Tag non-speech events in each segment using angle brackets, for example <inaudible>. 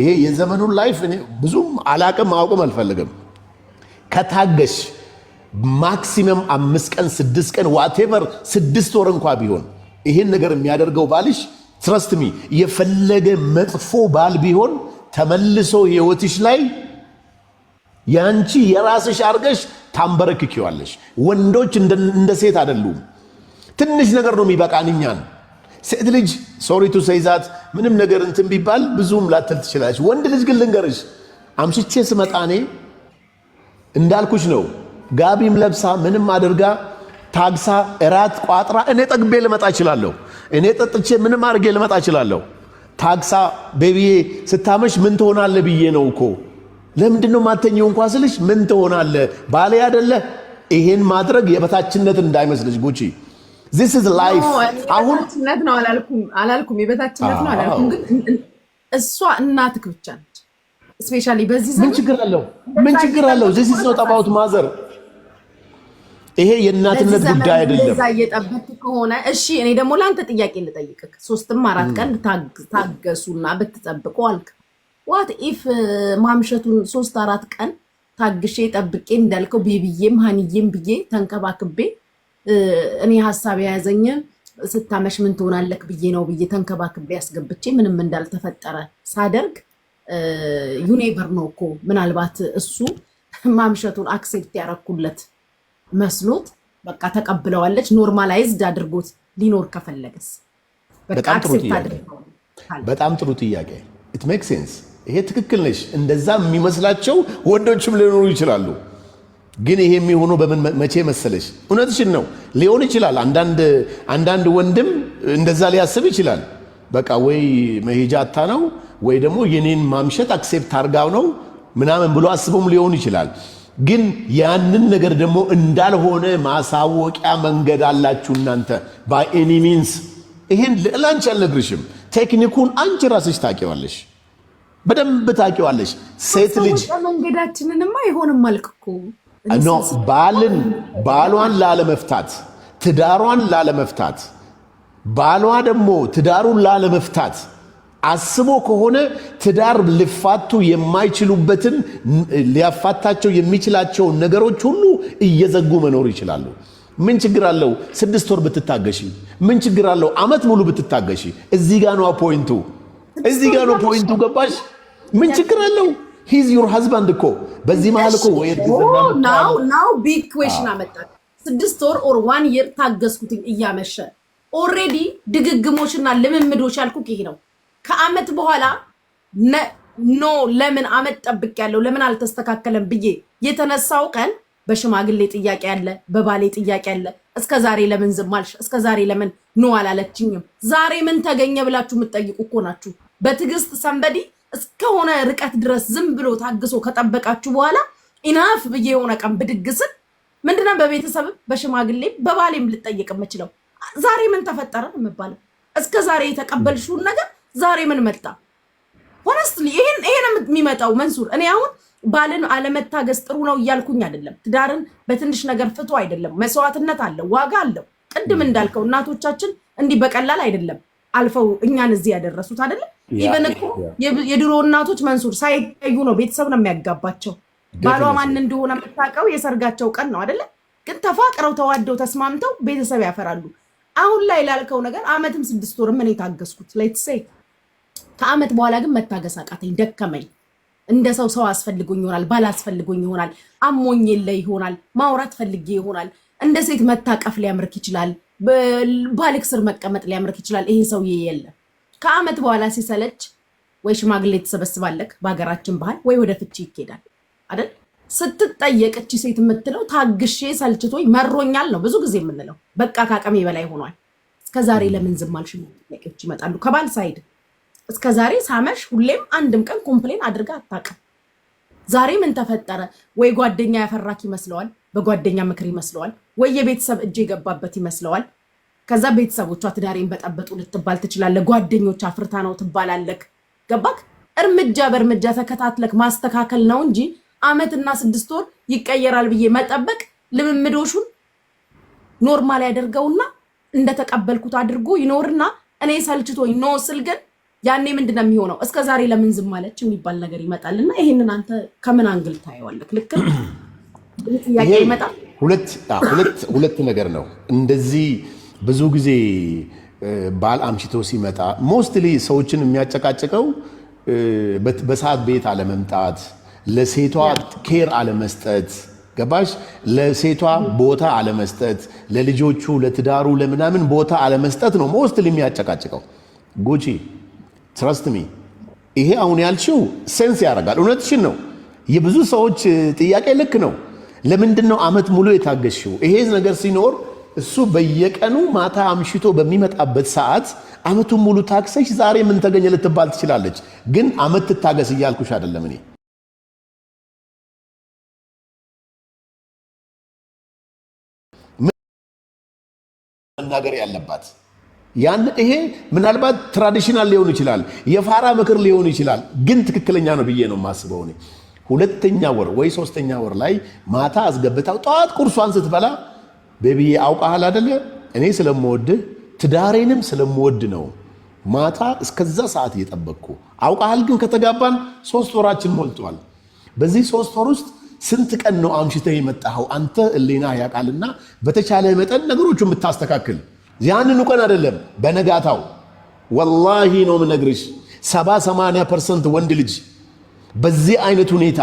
ይሄ የዘመኑን ላይፍ ብዙም አላቅም ማወቅም አልፈልግም። ከታገሽ ማክሲመም አምስት ቀን ስድስት ቀን ዋቴቨር ስድስት ወር እንኳ ቢሆን ይህን ነገር የሚያደርገው ባልሽ ትረስትሚ የፈለገ መጥፎ ባል ቢሆን ተመልሶ ህይወትሽ ላይ ያንቺ የራስሽ አርገሽ ታንበረክኪዋለሽ። ወንዶች እንደ ሴት አይደሉም። ትንሽ ነገር ነው የሚበቃን እኛን ሴት ልጅ ሶሪቱ ሰይዛት ምንም ነገር እንትን ቢባል ብዙም ላትል ትችላለች። ወንድ ልጅ ግን ልንገርሽ፣ አምሽቼ ስመጣ እኔ እንዳልኩሽ ነው። ጋቢም ለብሳ ምንም አድርጋ ታግሳ እራት ቋጥራ እኔ ጠግቤ ልመጣ እችላለሁ። እኔ ጠጥቼ ምንም አድርጌ ልመጣ እችላለሁ። ታግሳ ቤቢዬ ስታመሽ ምን ትሆናለ ብዬ ነው እኮ ለምንድን ነው ማተኘው እንኳ ስልሽ ምን ትሆናለ ባሌ አደለ። ይሄን ማድረግ የበታችነት እንዳይመስልሽ ጉቺ ዚስ ኢዝ ላይፍ። አሁን የበታችነት ነው አላልኩም፣ የበታችነት ነው አላልኩም። ግን እሷ እናትህ ብቻ ነች። እስፔሻሊ በዚህ ምን ችግር አለው? ምን ችግር አለው? ዚስ ኢዝ ኖት አባውት ማዘር። ይሄ የእናትነት ጉዳይ አይደለም። እዛ እየጠበቅህ ከሆነ እሺ። እኔ ደግሞ ለአንተ ጥያቄ ልጠይቅህ። ሶስትም አራት ቀን ታገሱና ብትጠብቁ አልክ። ዋት ኢፍ uh, ማምሸቱን ሶስት አራት ቀን ታግሼ ጠብቄ እንዳልከው ቤብዬም ሀንዬም ብዬ ተንከባክቤ እኔ ሀሳብ የያዘኝ ስታመሽ ምን ትሆናለክ ብዬ ነው ብዬ ተንከባክቤ ያስገብቼ ምንም እንዳልተፈጠረ ሳደርግ ዩኔቨር ነው እኮ ምናልባት እሱ ማምሸቱን አክሴፕት ያረኩለት መስሎት በቃ ተቀብለዋለች። ኖርማላይዝድ አድርጎት ሊኖር ከፈለገስ በጣም ጥሩ ጥያቄ። ኢት ሜክ ሴንስ። ይሄ ትክክል ነሽ። እንደዛ የሚመስላቸው ወንዶችም ሊኖሩ ይችላሉ። ግን ይሄ የሚሆነው በምን መቼ መሰለሽ? እውነትሽን ነው። ሊሆን ይችላል አንዳንድ ወንድም እንደዛ ሊያስብ ይችላል። በቃ ወይ መሄጃ አታ ነው ወይ ደግሞ የኔን ማምሸት አክሴፕት አርጋው ነው ምናምን ብሎ አስቦም ሊሆን ይችላል። ግን ያንን ነገር ደግሞ እንዳልሆነ ማሳወቂያ መንገድ አላችሁ እናንተ ባይ ኤኒ ሚንስ። ይሄን ለአንቺ አልነግርሽም። ቴክኒኩን አንቺ ራስሽ ታውቂዋለሽ፣ በደንብ ታውቂዋለሽ። ሴት ልጅ መንገዳችንንማ አይሆንም አልክ እኮ ኖ ባልን ባሏን ላለመፍታት ትዳሯን ላለመፍታት ባሏ ደግሞ ትዳሩን ላለመፍታት አስቦ ከሆነ ትዳር ሊፋቱ የማይችሉበትን ሊያፋታቸው የሚችላቸውን ነገሮች ሁሉ እየዘጉ መኖር ይችላሉ። ምን ችግር አለው? ስድስት ወር ብትታገሺ ምን ችግር አለው? አመት ሙሉ ብትታገሺ። እዚህ ጋ ነው ፖይንቱ፣ እዚህ ጋ ነው ፖይንቱ። ገባሽ? ምን ችግር አለው? ሂዝ ዩር ሀዝባንድ እኮ በዚህ መሀል እኮ ናው ናው ቢግ ኩዌሽን አመጣ። ስድስት ወር ኦር ዋን የር ታገዝኩትኝ እያመሸ ኦሬዲ ድግግሞችና ልምምዶች ያልኩህ ይሄ ነው። ከአመት በኋላ ኖ ለምን አመት ጠብቅ ያለው ለምን አልተስተካከለም ብዬ የተነሳው ቀን በሽማግሌ ጥያቄ አለ፣ በባሌ ጥያቄ አለ። እስከ ዛሬ ለምን ዝም አልሽ? እስከ ዛሬ ለምን ኖ አላለችኝም? ዛሬ ምን ተገኘ ብላችሁ የምትጠይቁ እኮ ናችሁ። በትዕግስት ሰንበዲ እስከሆነ ርቀት ድረስ ዝም ብሎ ታግሶ ከጠበቃችሁ በኋላ ኢናፍ ብዬ የሆነ ቀን ብድግስን ምንድነው በቤተሰብም በሽማግሌም በባሌም ልጠየቅ የምችለው ዛሬ ምን ተፈጠረ የምባለው እስከ ዛሬ የተቀበልሽውን ነገር ዛሬ ምን መጣ? ሆነስትሊ ይሄን ይሄን የሚመጣው መንሱር፣ እኔ አሁን ባልን አለመታገስ ጥሩ ነው እያልኩኝ አይደለም። ትዳርን በትንሽ ነገር ፍቶ አይደለም። መስዋዕትነት አለው፣ ዋጋ አለው። ቅድም እንዳልከው እናቶቻችን እንዲህ በቀላል አይደለም አልፈው እኛን እዚህ ያደረሱት አይደለም። ኢቨን እኮ የድሮ እናቶች መንሱር ሳይታዩ ነው ቤተሰብ ነው የሚያጋባቸው። ባሏ ማን እንደሆነ የምታውቀው የሰርጋቸው ቀን ነው አደለ? ግን ተፋቅረው ተዋደው ተስማምተው ቤተሰብ ያፈራሉ። አሁን ላይ ላልከው ነገር አመትም ስድስት ወር ምን የታገስኩት ሌትስ ከአመት በኋላ ግን መታገስ አቃተኝ፣ ደከመኝ። እንደ ሰው ሰው አስፈልጎኝ ይሆናል፣ ባል አስፈልጎኝ ይሆናል፣ አሞኝ የለ ይሆናል፣ ማውራት ፈልጌ ይሆናል። እንደ ሴት መታቀፍ ሊያምርክ ይችላል፣ ባልክ ስር መቀመጥ ሊያምርክ ይችላል። ይሄ ሰውዬ የለም ከአመት በኋላ ሲሰለች ወይ ሽማግሌ ትሰበስባለክ፣ በሀገራችን ባህል ወይ ወደ ፍቺ ይኬዳል አይደል? ስትጠየቅች ሴት የምትለው ታግሼ ሰልችቶኝ መሮኛል ነው ብዙ ጊዜ የምንለው። በቃ ከአቅሜ በላይ ሆኗል። እስከዛሬ ለምን ዝም አልሽ ጥያቄዎች ይመጣሉ ከባል ሳይድ። እስከዛሬ ሳመሽ ሁሌም አንድም ቀን ኮምፕሌን አድርጋ አታውቅም። ዛሬ ምን ተፈጠረ? ወይ ጓደኛ ያፈራክ ይመስለዋል፣ በጓደኛ ምክር ይመስለዋል፣ ወይ የቤተሰብ እጅ የገባበት ይመስለዋል ከዛ ቤተሰቦቿ ትዳሬን በጠበጡ ልትባል ትችላለህ። ጓደኞች አፍርታ ነው ትባላለክ። ገባክ? እርምጃ በእርምጃ ተከታትለክ ማስተካከል ነው እንጂ አመትና ስድስት ወር ይቀየራል ብዬ መጠበቅ ልምምዶሹን ኖርማል ያደርገውና እንደተቀበልኩት አድርጎ ይኖርና እኔ ሰልችቶኝ ኖ ስል ግን ያኔ ምንድን ነው የሚሆነው? እስከ ዛሬ ለምን ዝም ማለች የሚባል ነገር ይመጣል። እና ይህንን አንተ ከምን አንግል ታየዋለህ? ልክ ጥያቄ ይመጣል። ሁለት ነገር ነው እንደዚህ ብዙ ጊዜ ባል አምሽቶ ሲመጣ ሞስትሊ ሰዎችን የሚያጨቃጭቀው በሰዓት ቤት አለመምጣት፣ ለሴቷ ኬር አለመስጠት፣ ገባሽ? ለሴቷ ቦታ አለመስጠት፣ ለልጆቹ፣ ለትዳሩ፣ ለምናምን ቦታ አለመስጠት ነው ሞስትሊ የሚያጨቃጭቀው። ጉቺ ትረስት ሚ ይሄ አሁን ያልሽው ሴንስ ያደርጋል። እውነትሽን ነው። የብዙ ሰዎች ጥያቄ ልክ ነው። ለምንድን ነው አመት ሙሉ የታገሽው? ይሄ ነገር ሲኖር እሱ በየቀኑ ማታ አምሽቶ በሚመጣበት ሰዓት አመቱን ሙሉ ታክሰሽ ዛሬ ምን ተገኘ ልትባል ትችላለች። ግን አመት ትታገስ እያልኩሽ አይደለም እኔ መናገር ያለባት ያን ይሄ ምናልባት ትራዲሽናል ሊሆን ይችላል፣ የፋራ ምክር ሊሆን ይችላል። ግን ትክክለኛ ነው ብዬ ነው የማስበው እኔ ሁለተኛ ወር ወይ ሶስተኛ ወር ላይ ማታ አስገብታው ጠዋት ቁርሷን ስትበላ ቤቢዬ አውቃሃል አደለ? እኔ ስለምወድህ ትዳሬንም ስለምወድ ነው ማታ እስከዛ ሰዓት እየጠበቅኩ አውቃሃል። ግን ከተጋባን ሶስት ወራችን ሞልቷል። በዚህ ሶስት ወር ውስጥ ስንት ቀን ነው አምሽተህ የመጣኸው? አንተ እሌና ያውቃልና በተቻለ መጠን ነገሮቹ የምታስተካክል ያንኑ ቀን አይደለም በነጋታው ወላሂ ነው ምነግርሽ፣ ሰባ ሰማንያ ፐርሰንት ወንድ ልጅ በዚህ አይነት ሁኔታ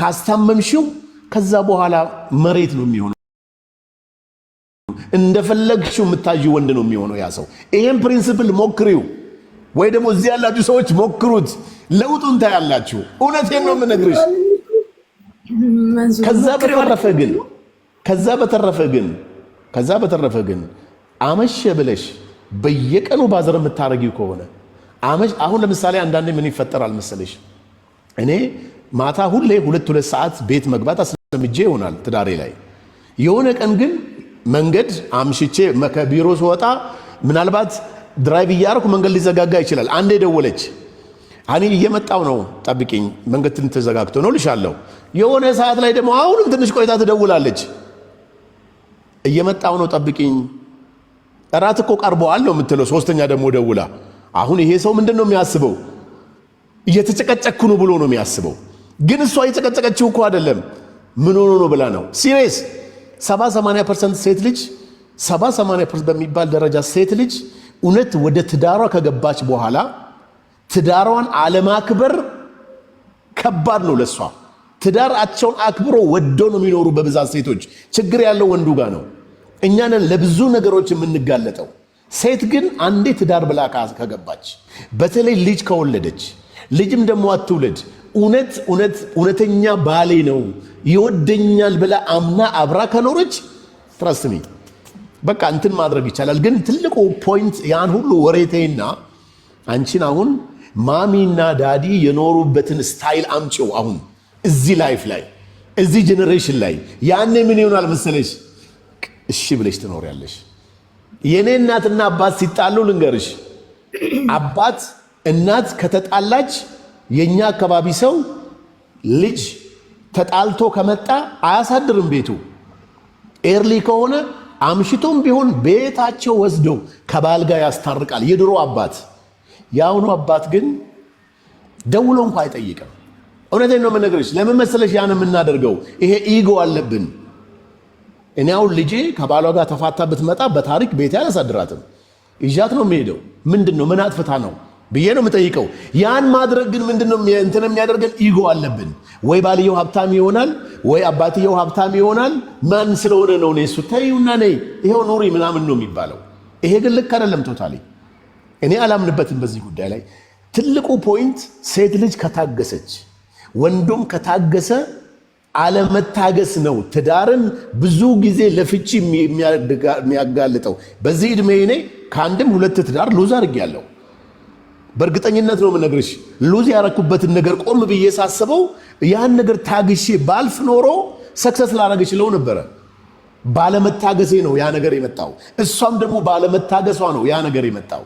ካስታመምሽው ከዛ በኋላ መሬት ነው የሚሆነው። እንደፈለግሽው የምታዥ ወንድ ነው የሚሆነው ያ ሰው። ይሄን ፕሪንስፕል ሞክሪው፣ ወይ ደግሞ እዚህ ያላችሁ ሰዎች ሞክሩት፣ ለውጡን ታያላችሁ። እውነቴን ነው የምነግርሽ። ከዛ በተረፈ ግን ከዛ በተረፈ ግን ከዛ በተረፈ ግን አመሸ ብለሽ በየቀኑ ባዘር የምታረጊው ከሆነ አሁን ለምሳሌ አንዳንዴ ምን ይፈጠራል መሰለሽ፣ እኔ ማታ ሁሌ ሁለት ሁለት ሰዓት ቤት መግባት አስለምጄ ይሆናል ትዳሬ ላይ የሆነ ቀን ግን መንገድ አምሽቼ ከቢሮ ስወጣ ምናልባት ድራይቭ እያደረኩ መንገድ ሊዘጋጋ ይችላል። አንዴ ደወለች። እኔ እየመጣው ነው ጠብቂኝ፣ መንገድ ትን ተዘጋግቶ ነው ልሻለሁ። የሆነ ሰዓት ላይ ደግሞ አሁንም ትንሽ ቆይታ ትደውላለች። እየመጣው ነው ጠብቂኝ፣ እራት እኮ ቀርበዋል ነው የምትለው። ሶስተኛ ደግሞ ደውላ አሁን ይሄ ሰው ምንድን ነው የሚያስበው? እየተጨቀጨኩ ነው ብሎ ነው የሚያስበው። ግን እሷ እየጨቀጨቀችው እኮ አይደለም ምን ሆኖ ነው ብላ ነው ሲሪየስ 70 80 ሴት ልጅ 70 80 በሚባል ደረጃ ሴት ልጅ እውነት ወደ ትዳሯ ከገባች በኋላ ትዳሯን አለማክበር ከባድ ነው ለሷ። ትዳራቸውን አክብሮ ወዶ ነው የሚኖሩ በብዛት ሴቶች። ችግር ያለው ወንዱ ጋር ነው። እኛንን ለብዙ ነገሮች የምንጋለጠው። ሴት ግን አንዴ ትዳር ብላ ከገባች፣ በተለይ ልጅ ከወለደች ልጅም ደግሞ አትውለድ እውነት እውነት እውነተኛ ባሌ ነው ይወደኛል ብላ አምና አብራ ከኖረች ትረስሚ በቃ እንትን ማድረግ ይቻላል። ግን ትልቁ ፖይንት ያን ሁሉ ወሬቴና አንቺን አሁን ማሚና ዳዲ የኖሩበትን ስታይል አምጪው አሁን እዚህ ላይፍ ላይ እዚህ ጀኔሬሽን ላይ ያኔ ምን ይሆናል መሰለሽ? እሺ ብለሽ ትኖሪያለሽ። የእኔ እናትና አባት ሲጣሉ ልንገርሽ፣ አባት እናት ከተጣላች የእኛ አካባቢ ሰው ልጅ ተጣልቶ ከመጣ አያሳድርም ቤቱ ኤርሊ ከሆነ አምሽቶም ቢሆን ቤታቸው ወስዶ ከባል ጋር ያስታርቃል። የድሮ አባት። የአሁኑ አባት ግን ደውሎ እንኳ አይጠይቅም። እውነቴን ነው የምነግርሽ። ለምን መሰለሽ ያን የምናደርገው? ይሄ ኢጎ አለብን። እኔ አሁን ልጄ ከባሏ ጋር ተፋታ ብትመጣ በታሪክ ቤቴ አላሳድራትም። እዣት ነው የሚሄደው። ምንድን ነው ምን አጥፍታ ነው ብዬ ነው የምጠይቀው። ያን ማድረግ ግን ምንድነው እንትን የሚያደርገን? ኢጎ አለብን ወይ ባልየው ሀብታም ይሆናል ወይ አባትየው ሀብታም ይሆናል። ማን ስለሆነ ነው እኔ እሱ ተይውና ነይ ይኸው ኑሪ ምናምን ነው የሚባለው። ይሄ ግን ልክ አይደለም። ቶታሊ እኔ አላምንበትም በዚህ ጉዳይ ላይ። ትልቁ ፖይንት ሴት ልጅ ከታገሰች፣ ወንዱም ከታገሰ አለመታገስ ነው ትዳርን ብዙ ጊዜ ለፍቺ የሚያጋልጠው። በዚህ እድሜ እኔ ከአንድም ሁለት ትዳር ሎዝ አድርጌያለሁ። በእርግጠኝነት ነው የምነግርሽ። ሉዝ ያረኩበትን ነገር ቆም ብዬ ሳስበው ያን ነገር ታግሼ ባልፍ ኖሮ ሰክሰስ ላረግ ይችለው ነበረ። ባለመታገሴ ነው ያ ነገር የመጣው። እሷም ደግሞ ባለመታገሷ ነው ያ ነገር የመጣው።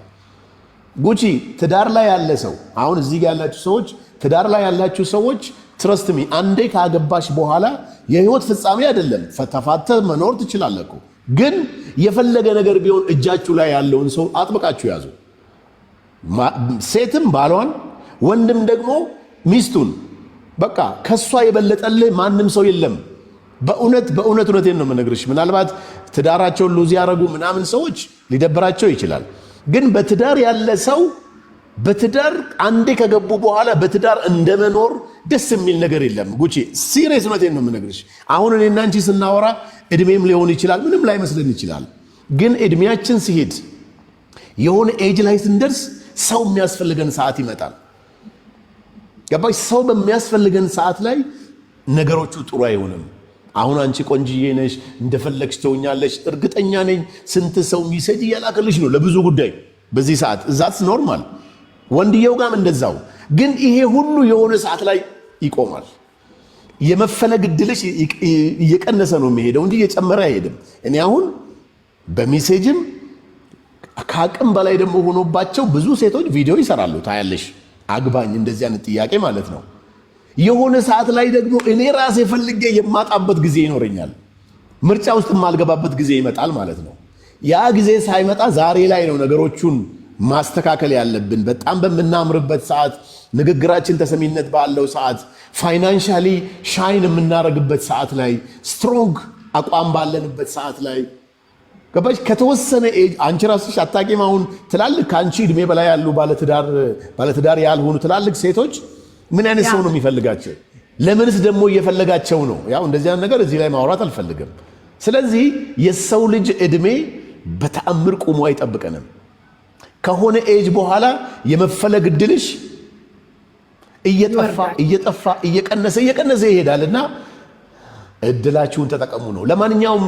ጉቺ ትዳር ላይ ያለ ሰው አሁን እዚህ ያላችሁ ሰዎች ትዳር ላይ ያላችሁ ሰዎች ትረስትሚ አንዴ ካገባሽ በኋላ የህይወት ፍጻሜ አይደለም። ተፋተ መኖር ትችላለህ እኮ ግን የፈለገ ነገር ቢሆን እጃችሁ ላይ ያለውን ሰው አጥብቃችሁ ያዙ። ሴትም ባሏን ወንድም ደግሞ ሚስቱን በቃ ከእሷ የበለጠልህ ማንም ሰው የለም። በእውነት በእውነት እውነቴን ነው የምነግርሽ። ምናልባት ትዳራቸውን ሉዝ ያደረጉ ምናምን ሰዎች ሊደብራቸው ይችላል። ግን በትዳር ያለ ሰው በትዳር አንዴ ከገቡ በኋላ በትዳር እንደመኖር ደስ የሚል ነገር የለም። ጉቺ ሲሪየስ እውነቴን ነው የምነግርሽ። አሁን እኔና አንቺ ስናወራ እድሜም ሊሆን ይችላል፣ ምንም ላይመስለን ይችላል። ግን እድሜያችን ሲሄድ የሆነ ኤጅ ላይ ስንደርስ ሰው የሚያስፈልገን ሰዓት ይመጣል። ገባሽ? ሰው በሚያስፈልገን ሰዓት ላይ ነገሮቹ ጥሩ አይሆንም። አሁን አንቺ ቆንጅዬ ነሽ፣ እንደፈለግሽ ትሆኛለሽ፣ እርግጠኛ ነኝ። ስንት ሰው ሚሴጅ እያላከልሽ ነው ለብዙ ጉዳይ በዚህ ሰዓት እዛት ኖርማል። ወንድየው ጋም እንደዛው። ግን ይሄ ሁሉ የሆነ ሰዓት ላይ ይቆማል። የመፈለግ እድልሽ እየቀነሰ ነው የሚሄደው እንጂ እየጨመረ አይሄድም። እኔ አሁን በሚሴጅም ከአቅም በላይ ደግሞ ሆኖባቸው ብዙ ሴቶች ቪዲዮ ይሰራሉ። ታያለሽ፣ አግባኝ እንደዚህ አይነት ጥያቄ ማለት ነው። የሆነ ሰዓት ላይ ደግሞ እኔ ራሴ ፈልጌ የማጣበት ጊዜ ይኖረኛል። ምርጫ ውስጥ የማልገባበት ጊዜ ይመጣል ማለት ነው። ያ ጊዜ ሳይመጣ ዛሬ ላይ ነው ነገሮቹን ማስተካከል ያለብን። በጣም በምናምርበት ሰዓት፣ ንግግራችን ተሰሚነት ባለው ሰዓት፣ ፋይናንሻሊ ሻይን የምናደርግበት ሰዓት ላይ፣ ስትሮንግ አቋም ባለንበት ሰዓት ላይ ገባሽ? ከተወሰነ ኤጅ አንቺ ራስሽ አታቂም። አሁን ትላልቅ ከአንቺ እድሜ በላይ ያሉ ባለትዳር ያልሆኑ ትላልቅ ሴቶች ምን አይነት ሰው ነው የሚፈልጋቸው? ለምንስ ደግሞ እየፈለጋቸው ነው? ያው እንደዚያ ነገር እዚህ ላይ ማውራት አልፈልግም። ስለዚህ የሰው ልጅ እድሜ በተአምር ቁሞ አይጠብቀንም። ከሆነ ኤጅ በኋላ የመፈለግ እድልሽ እየጠፋ እየጠፋ እየቀነሰ እየቀነሰ ይሄዳልና እድላችሁን ተጠቀሙ ነው። ለማንኛውም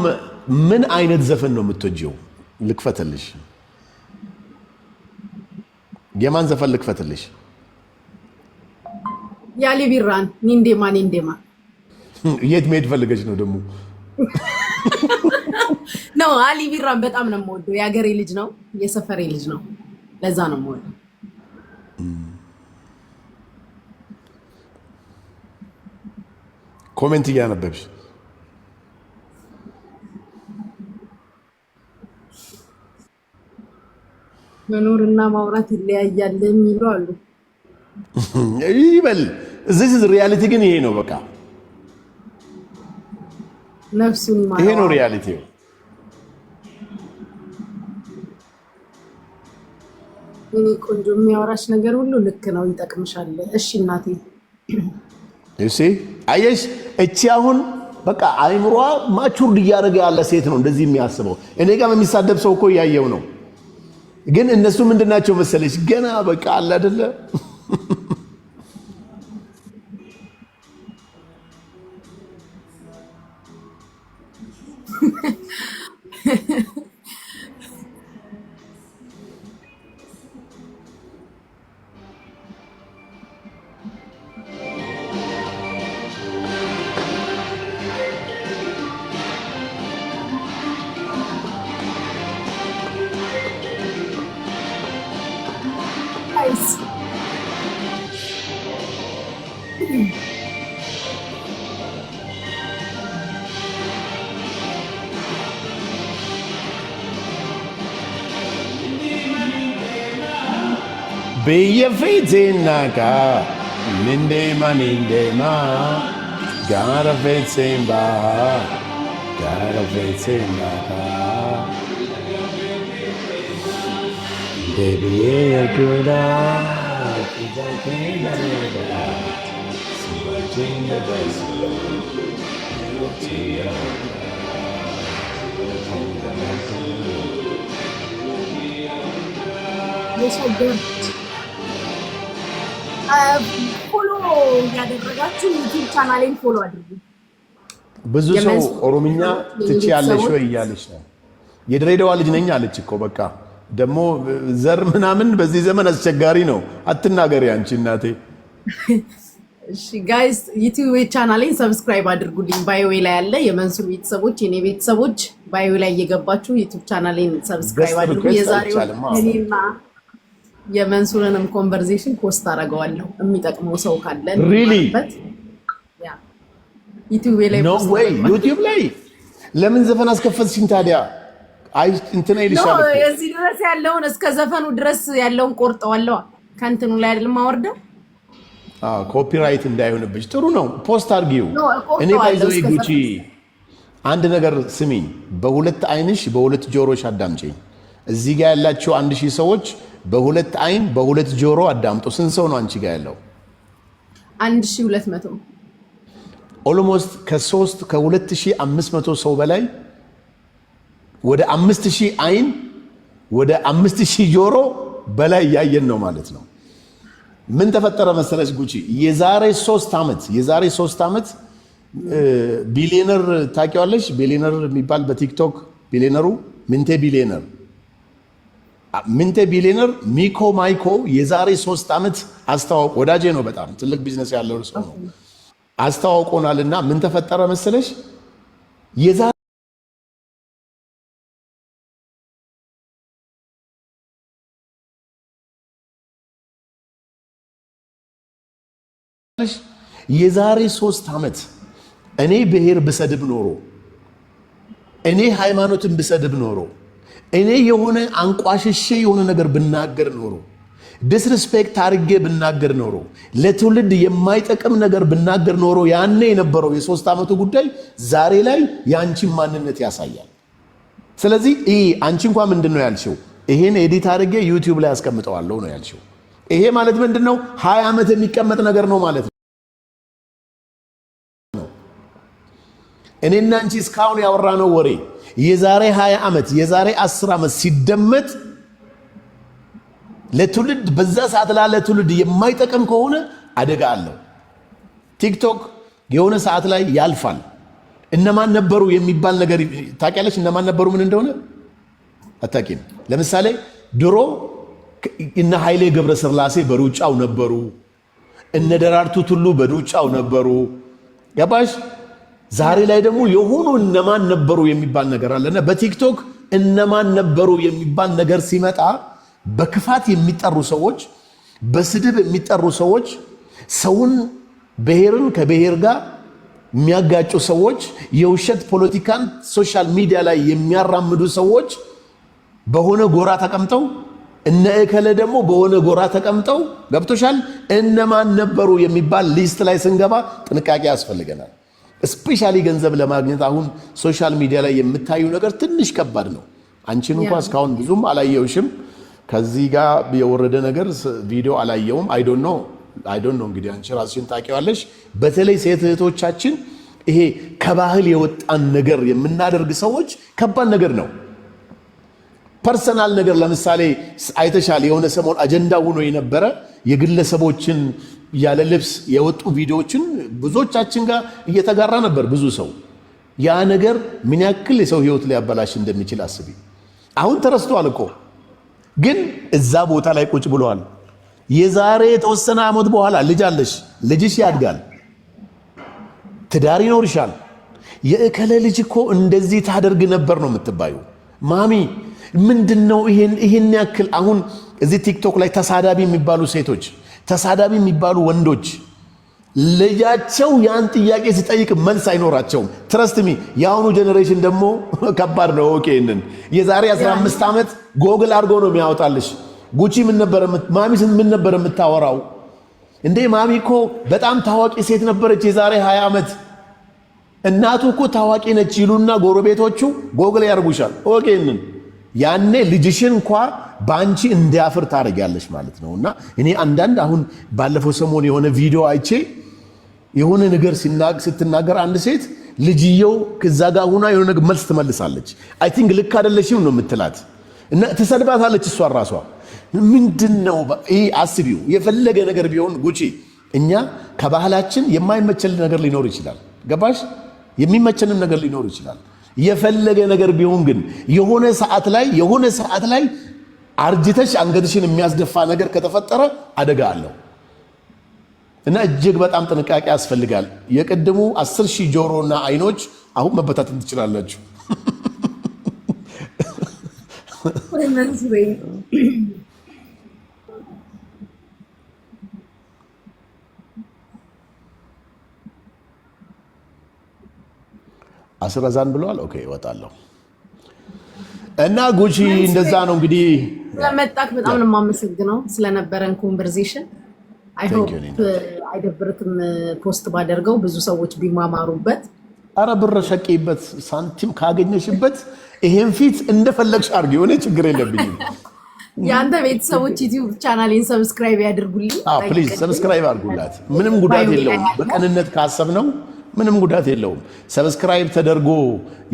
ምን አይነት ዘፈን ነው የምትወጂው? ልክፈትልሽ። የማን ዘፈን ልክፈትልሽ? ያሊ ቢራን ኒንዴማ ኒንዴማ። የት መሄድ ፈልገች ነው ደግሞ? <laughs> ነው አሊ ቢራን በጣም ነው የምወደው። የሀገሬ ልጅ ነው፣ የሰፈሬ ልጅ ነው። ለዛ ነው የምወደው። ኮሜንት እያነበብሽ መኖር ማውራት ይለያያል የሚሉ አሉ። ይበል እዚህ ሪያሊቲ ግን ይሄ ነው። በቃ ነፍሱን ይሄ ነው ሪያሊቲ። ቆንጆ የሚያወራሽ ነገር ሁሉ ልክ ነው፣ ይጠቅምሻል። እሺ እናቴ። እሺ አየሽ፣ እቺ አሁን በቃ አይምሯ ማቹርድ እያደረገ ያለ ሴት ነው እንደዚህ የሚያስበው። እኔ ጋር የሚሳደብ ሰው እኮ እያየው ነው ግን እነሱ ምንድናቸው መሰለች ገና በቃ አለ አይደለ Beyafetsenaka, Nindema Nindema, Garafetsenba, Garafetsenaka. Debiye Kuda, Kitakenda Neda, kuda. Besu, Yotia, Yotia, Yotia, Yes, I good. ፎሎ እያደረጋችሁ ዩቲዩብ ቻናሌን ፎሎ አድርጉ። ብዙ ሰው ኦሮምኛ ትቼ ያለሽ ወይ እያለች ነው። የድሬዳዋ ልጅ ነኝ አለች እኮ በቃ ደግሞ ዘር ምናምን በዚህ ዘመን አስቸጋሪ ነው። አትናገሪ አንቺ እናቴ። ጋይስ ዩቲዩብ ቻናሌን ሰብስክራይብ አድርጉልኝ። ባዮ ላይ ያለ የመንሱር ቤተሰቦች፣ የኔ ቤተሰቦች ባዮ ላይ እየገባችሁ ዩቲዩብ ቻናሌን ሰብስክራይብ አድርጉ። የዛሬው እኔና የመንሱርንም ኮንቨርዜሽን ፖስት አደርገዋለሁ። የሚጠቅመው ሰው ካለ ዩቲዩብ ላይ ዩቲዩብ ላይ ለምን ዘፈን አስከፈትሽኝ ታዲያ? እንትና እዚህ ድረስ ያለውን እስከ ዘፈኑ ድረስ ያለውን ቆርጠዋለዋ። ከንትኑ ላይ አይደል ማወርደው ኮፒራይት እንዳይሆንብሽ ጥሩ ነው። ፖስት አድርጊው። እኔ ባይዘው ጉቺ አንድ ነገር ስሚኝ፣ በሁለት አይንሽ በሁለት ጆሮች አዳምጪኝ። እዚህ ጋር ያላቸው አንድ ሺህ ሰዎች በሁለት አይን በሁለት ጆሮ አዳምጦ ስንት ሰው ነው አንቺ ጋር ያለው? አንድ ሺህ ሁለት መቶ ኦልሞስት ከሶስት ከሁለት ሺህ አምስት መቶ ሰው በላይ ወደ አምስት ሺህ አይን ወደ አምስት ሺህ ጆሮ በላይ እያየን ነው ማለት ነው። ምን ተፈጠረ መሰለች ጉቺ? የዛሬ ሶስት ዓመት የዛሬ ሶስት ዓመት ቢሊዮነር ታውቂዋለሽ? ቢሊዮነር የሚባል በቲክቶክ ቢሊዮነሩ ምንቴ ቢሊዮነር ምንቴ ቢሊነር ሚኮ ማይኮ የዛሬ ሶስት ዓመት አስተዋውቅ ወዳጄ ነው። በጣም ትልቅ ቢዝነስ ያለው ሰው ነው። አስተዋውቆናል እና ምን ተፈጠረ መሰለሽ የዛሬ የዛሬ ሶስት ዓመት እኔ ብሔር ብሰድብ ኖሮ እኔ ሃይማኖትን ብሰድብ ኖሮ እኔ የሆነ አንቋሽሼ የሆነ ነገር ብናገር ኖሮ ዲስሪስፔክት አድርጌ ብናገር ኖሮ ለትውልድ የማይጠቅም ነገር ብናገር ኖሮ ያኔ የነበረው የሶስት ዓመቱ ጉዳይ ዛሬ ላይ የአንቺን ማንነት ያሳያል። ስለዚህ ይህ አንቺ እንኳ ምንድን ነው ያልሽው? ይሄን ኤዲት አድርጌ ዩቲዩብ ላይ አስቀምጠዋለሁ ነው ያልሽው። ይሄ ማለት ምንድን ነው? ሀያ ዓመት የሚቀመጥ ነገር ነው ማለት ነው። እኔና አንቺ እስካሁን ያወራነው ወሬ የዛሬ 20 ዓመት የዛሬ 10 ዓመት ሲደመጥ ለትውልድ በዛ ሰዓት ላይ ለትውልድ የማይጠቅም ከሆነ አደጋ አለው። ቲክቶክ የሆነ ሰዓት ላይ ያልፋል። እነማን ነበሩ የሚባል ነገር ታውቂያለች? እነማን ነበሩ ምን እንደሆነ አታውቂም። ለምሳሌ ድሮ እነ ኃይሌ ገብረስላሴ በሩጫው ነበሩ። እነ ደራርቱ ቱሉ በሩጫው ነበሩ። ገባሽ? ዛሬ ላይ ደግሞ የሆኑ እነማን ነበሩ የሚባል ነገር አለና በቲክቶክ እነማን ነበሩ የሚባል ነገር ሲመጣ በክፋት የሚጠሩ ሰዎች፣ በስድብ የሚጠሩ ሰዎች፣ ሰውን ብሔርን ከብሔር ጋር የሚያጋጩ ሰዎች፣ የውሸት ፖለቲካን ሶሻል ሚዲያ ላይ የሚያራምዱ ሰዎች በሆነ ጎራ ተቀምጠው እነ እከለ ደግሞ በሆነ ጎራ ተቀምጠው ገብቶሻል። እነማን ነበሩ የሚባል ሊስት ላይ ስንገባ ጥንቃቄ ያስፈልገናል። ስፔሻሊ ገንዘብ ለማግኘት አሁን ሶሻል ሚዲያ ላይ የምታዩ ነገር ትንሽ ከባድ ነው። አንቺን እንኳ እስካሁን ብዙም አላየውሽም። ከዚህ ጋር የወረደ ነገር ቪዲዮ አላየውም። አይ ዶንት ኖ እንግዲህ አንቺ ራስሽን ታውቂዋለሽ። በተለይ ሴት እህቶቻችን ይሄ ከባህል የወጣን ነገር የምናደርግ ሰዎች ከባድ ነገር ነው። ፐርሰናል ነገር ለምሳሌ አይተሻል። የሆነ ሰሞን አጀንዳ ሆኖ የነበረ የግለሰቦችን ያለ ልብስ የወጡ ቪዲዮዎችን ብዙዎቻችን ጋር እየተጋራ ነበር ብዙ ሰው። ያ ነገር ምን ያክል የሰው ህይወት ሊያበላሽ እንደሚችል አስቢ። አሁን ተረስቷል እኮ ግን እዛ ቦታ ላይ ቁጭ ብለዋል። የዛሬ የተወሰነ ዓመት በኋላ ልጅ አለሽ፣ ልጅሽ ያድጋል፣ ትዳር ይኖርሻል። የእከለ ልጅ እኮ እንደዚህ ታደርግ ነበር ነው የምትባዩ። ማሚ ምንድን ነው ይህን ያክል አሁን እዚህ ቲክቶክ ላይ ተሳዳቢ የሚባሉ ሴቶች ተሳዳቢ የሚባሉ ወንዶች ልጃቸው ያን ጥያቄ ሲጠይቅ መልስ አይኖራቸውም። ትረስትሚ የአሁኑ ጀኔሬሽን ደግሞ <laughs> ከባድ ነው። ኦኬ ይንን የዛሬ 15 ዓመት ጎግል አድርጎ ነው የሚያወጣልሽ። ጉቺ ማሚ ምን ነበር የምታወራው? እንዴ ማሚ እኮ በጣም ታዋቂ ሴት ነበረች የዛሬ 20 ዓመት። እናቱ እኮ ታዋቂ ነች ይሉና ጎረቤቶቹ ጎግል ያደርጉሻል። ኦኬ ይንን ያኔ ልጅሽን እንኳ በአንቺ እንዲያፍር ታደርጊያለሽ ማለት ነው። እና እኔ አንዳንድ አሁን ባለፈው ሰሞን የሆነ ቪዲዮ አይቼ የሆነ ነገር ስትናገር አንድ ሴት ልጅየው ከዛ ጋር ሁና የሆነ ነገር መልስ ትመልሳለች። አይ ቲንክ ልክ አይደለሽም ነው የምትላት እና ትሰድባታለች። እሷ ራሷ ምንድን ነው ይህ? አስቢው። የፈለገ ነገር ቢሆን ጉቺ፣ እኛ ከባህላችን የማይመቸል ነገር ሊኖር ይችላል። ገባሽ? የሚመቸንም ነገር ሊኖር ይችላል። የፈለገ ነገር ቢሆን ግን የሆነ ሰዓት ላይ የሆነ ሰዓት ላይ አርጅተሽ አንገትሽን የሚያስደፋ ነገር ከተፈጠረ አደጋ አለው እና እጅግ በጣም ጥንቃቄ ያስፈልጋል። የቅድሙ አስር ሺህ ጆሮና አይኖች አሁን መበታተን ትችላላችሁ። አስረዛን ብለዋል። ኦኬ እወጣለሁ። እና ጉቺ እንደዛ ነው እንግዲህ ስለመጣክ በጣም ነው የማመሰግነው ስለነበረን ኮንቨርሴሽን። አይ ሆፕ አይደብርክም። ፖስት uh, ባደርገው ብዙ ሰዎች ቢማማሩበት፣ አረ ብር ሸቂበት ሳንቲም ካገኘሽበት፣ ይሄን ፊት እንደፈለግሽ አድርጊ። የሆነ ችግር የለብኝም። <laughs> የአንተ ቤተሰቦች ዩቲዩብ ቻናሌን ሰብስክራይብ ያድርጉልኝ። ፕሊዝ ሰብስክራይብ አድርጉላት። ምንም ጉዳት የለውም። በቀንነት ካሰብ ነው ምንም ጉዳት የለውም። ሰብስክራይብ ተደርጎ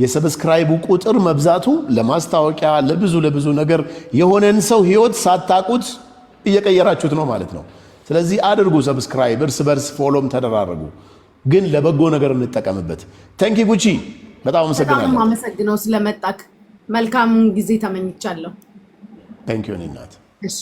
የሰብስክራይቡ ቁጥር መብዛቱ ለማስታወቂያ ለብዙ ለብዙ ነገር የሆነን ሰው ህይወት ሳታቁት እየቀየራችሁት ነው ማለት ነው። ስለዚህ አድርጉ ሰብስክራይብ፣ እርስ በርስ ፎሎም ተደራረጉ። ግን ለበጎ ነገር እንጠቀምበት። ተንኪ ጉቺ፣ በጣም አመሰግናለሁ። አመሰግነው ስለመጣክ መልካም ጊዜ ተመኝቻለሁ። ተንኪ እናት እሺ